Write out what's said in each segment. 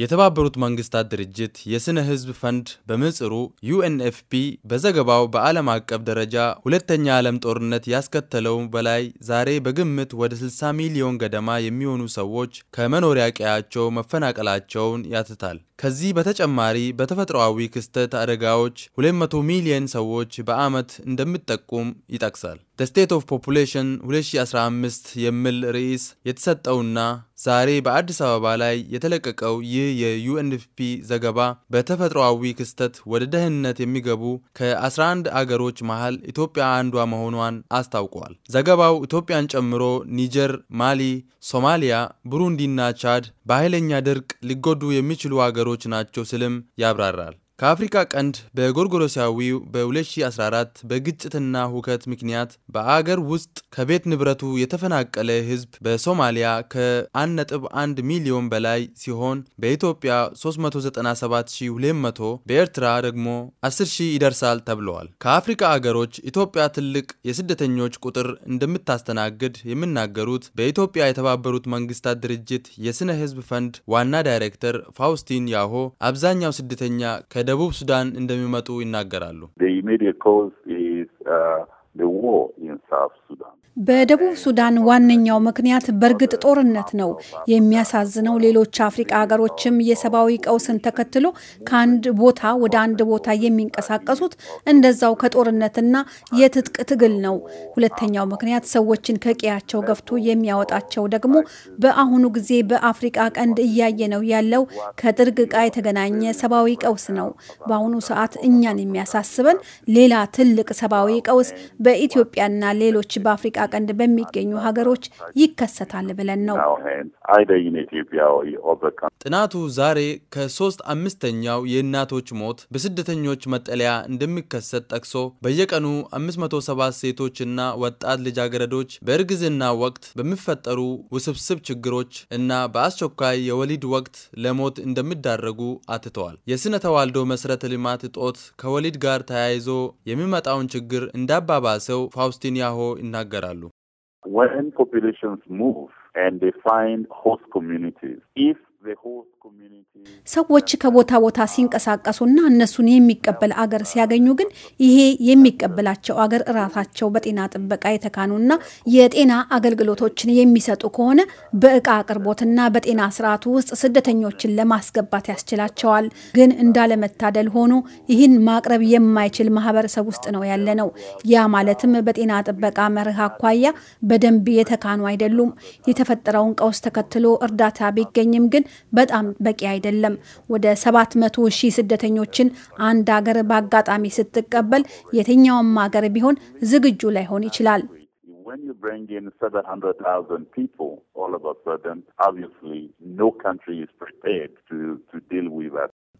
የተባበሩት መንግስታት ድርጅት የስነ ህዝብ ፈንድ በምጽሩ ዩኤንኤፍፒ በዘገባው በዓለም አቀፍ ደረጃ ሁለተኛ ዓለም ጦርነት ያስከተለው በላይ ዛሬ በግምት ወደ 60 ሚሊዮን ገደማ የሚሆኑ ሰዎች ከመኖሪያ ቀያቸው መፈናቀላቸውን ያትታል። ከዚህ በተጨማሪ በተፈጥሮአዊ ክስተት አደጋዎች 200 ሚሊዮን ሰዎች በዓመት እንደሚጠቁም ይጠቅሳል። ደ ስቴት ኦፍ ፖፑሌሽን 2015 የሚል ርዕስ የተሰጠውና ዛሬ በአዲስ አበባ ላይ የተለቀቀው ይህ የዩኤንኤፍፒ ዘገባ በተፈጥሮአዊ ክስተት ወደ ደህንነት የሚገቡ ከ11 አገሮች መሃል ኢትዮጵያ አንዷ መሆኗን አስታውቋል። ዘገባው ኢትዮጵያን ጨምሮ ኒጀር፣ ማሊ፣ ሶማሊያ፣ ቡሩንዲና ቻድ በኃይለኛ ድርቅ ሊጎዱ የሚችሉ አገሮች ነገሮች ናቸው ስልም ያብራራል ከአፍሪካ ቀንድ በጎርጎሮሳዊው በ2014 በግጭትና ሁከት ምክንያት በአገር ውስጥ ከቤት ንብረቱ የተፈናቀለ ህዝብ በሶማሊያ ከ1.1 ሚሊዮን በላይ ሲሆን በኢትዮጵያ 397200፣ በኤርትራ ደግሞ 10,000 ይደርሳል ተብለዋል። ከአፍሪካ አገሮች ኢትዮጵያ ትልቅ የስደተኞች ቁጥር እንደምታስተናግድ የሚናገሩት በኢትዮጵያ የተባበሩት መንግስታት ድርጅት የስነ ህዝብ ፈንድ ዋና ዳይሬክተር ፋውስቲን ያሆ አብዛኛው ስደተኛ ከ ከደቡብ ሱዳን እንደሚመጡ ይናገራሉ። በደቡብ ሱዳን ዋነኛው ምክንያት በእርግጥ ጦርነት ነው። የሚያሳዝነው ሌሎች አፍሪቃ ሀገሮችም የሰብአዊ ቀውስን ተከትሎ ከአንድ ቦታ ወደ አንድ ቦታ የሚንቀሳቀሱት እንደዛው ከጦርነትና የትጥቅ ትግል ነው። ሁለተኛው ምክንያት ሰዎችን ከቀያቸው ገፍቶ የሚያወጣቸው ደግሞ በአሁኑ ጊዜ በአፍሪቃ ቀንድ እያየ ነው ያለው ከጥርግ ዕቃ የተገናኘ ሰብአዊ ቀውስ ነው። በአሁኑ ሰዓት እኛን የሚያሳስበን ሌላ ትልቅ ሰብአዊ ቀውስ በኢትዮጵያና ሌሎች በአፍሪቃ ቀንድ በሚገኙ ሀገሮች ይከሰታል ብለን ነው። ጥናቱ ዛሬ ከሶስት አምስተኛው የእናቶች ሞት በስደተኞች መጠለያ እንደሚከሰት ጠቅሶ በየቀኑ 57 ሴቶችና ወጣት ልጃገረዶች በእርግዝና ወቅት በሚፈጠሩ ውስብስብ ችግሮች እና በአስቸኳይ የወሊድ ወቅት ለሞት እንደሚዳረጉ አትተዋል። የስነ ተዋልዶ መሰረተ ልማት እጦት ከወሊድ ጋር ተያይዞ የሚመጣውን ችግር እንዳባባሰው ፋውስቲን ያሆ ይናገራሉ። when populations move and they find host communities, ሰዎች ከቦታ ቦታ ሲንቀሳቀሱና እነሱን የሚቀበል አገር ሲያገኙ ግን ይሄ የሚቀበላቸው አገር እራሳቸው በጤና ጥበቃ የተካኑና የጤና አገልግሎቶችን የሚሰጡ ከሆነ በእቃ አቅርቦትና በጤና ስርዓቱ ውስጥ ስደተኞችን ለማስገባት ያስችላቸዋል። ግን እንዳለመታደል ሆኖ ይህን ማቅረብ የማይችል ማህበረሰብ ውስጥ ነው ያለ ነው። ያ ማለትም በጤና ጥበቃ መርህ አኳያ በደንብ የተካኑ አይደሉም። የተፈጠረውን ቀውስ ተከትሎ እርዳታ ቢገኝም ግን በጣም በቂ አይደለም። ወደ 700 ሺህ ስደተኞችን አንድ አገር በአጋጣሚ ስትቀበል የትኛውም ሀገር ቢሆን ዝግጁ ላይሆን ይችላል።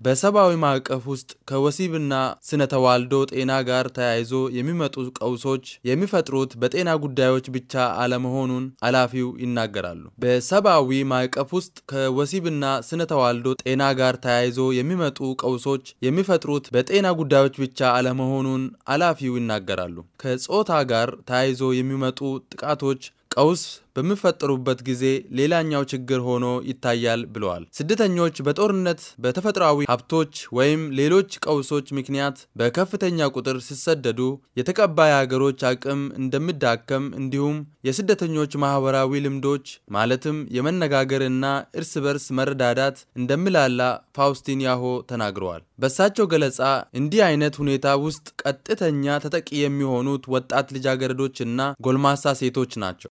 በሰብአዊ ማዕቀፍ ውስጥ ከወሲብና ስነ ተዋልዶ ጤና ጋር ተያይዞ የሚመጡ ቀውሶች የሚፈጥሩት በጤና ጉዳዮች ብቻ አለመሆኑን ኃላፊው ይናገራሉ። በሰብአዊ ማዕቀፍ ውስጥ ከወሲብና ስነ ተዋልዶ ጤና ጋር ተያይዞ የሚመጡ ቀውሶች የሚፈጥሩት በጤና ጉዳዮች ብቻ አለመሆኑን ኃላፊው ይናገራሉ። ከጾታ ጋር ተያይዞ የሚመጡ ጥቃቶች ቀውስ በሚፈጠሩበት ጊዜ ሌላኛው ችግር ሆኖ ይታያል ብለዋል። ስደተኞች በጦርነት በተፈጥሯዊ ሀብቶች ወይም ሌሎች ቀውሶች ምክንያት በከፍተኛ ቁጥር ሲሰደዱ የተቀባይ ሀገሮች አቅም እንደሚዳከም እንዲሁም የስደተኞች ማህበራዊ ልምዶች ማለትም የመነጋገርና እርስ በርስ መረዳዳት እንደሚላላ ፋውስቲን ያሆ ተናግረዋል። በእሳቸው ገለጻ እንዲህ አይነት ሁኔታ ውስጥ ቀጥተኛ ተጠቂ የሚሆኑት ወጣት ልጃገረዶች እና ጎልማሳ ሴቶች ናቸው።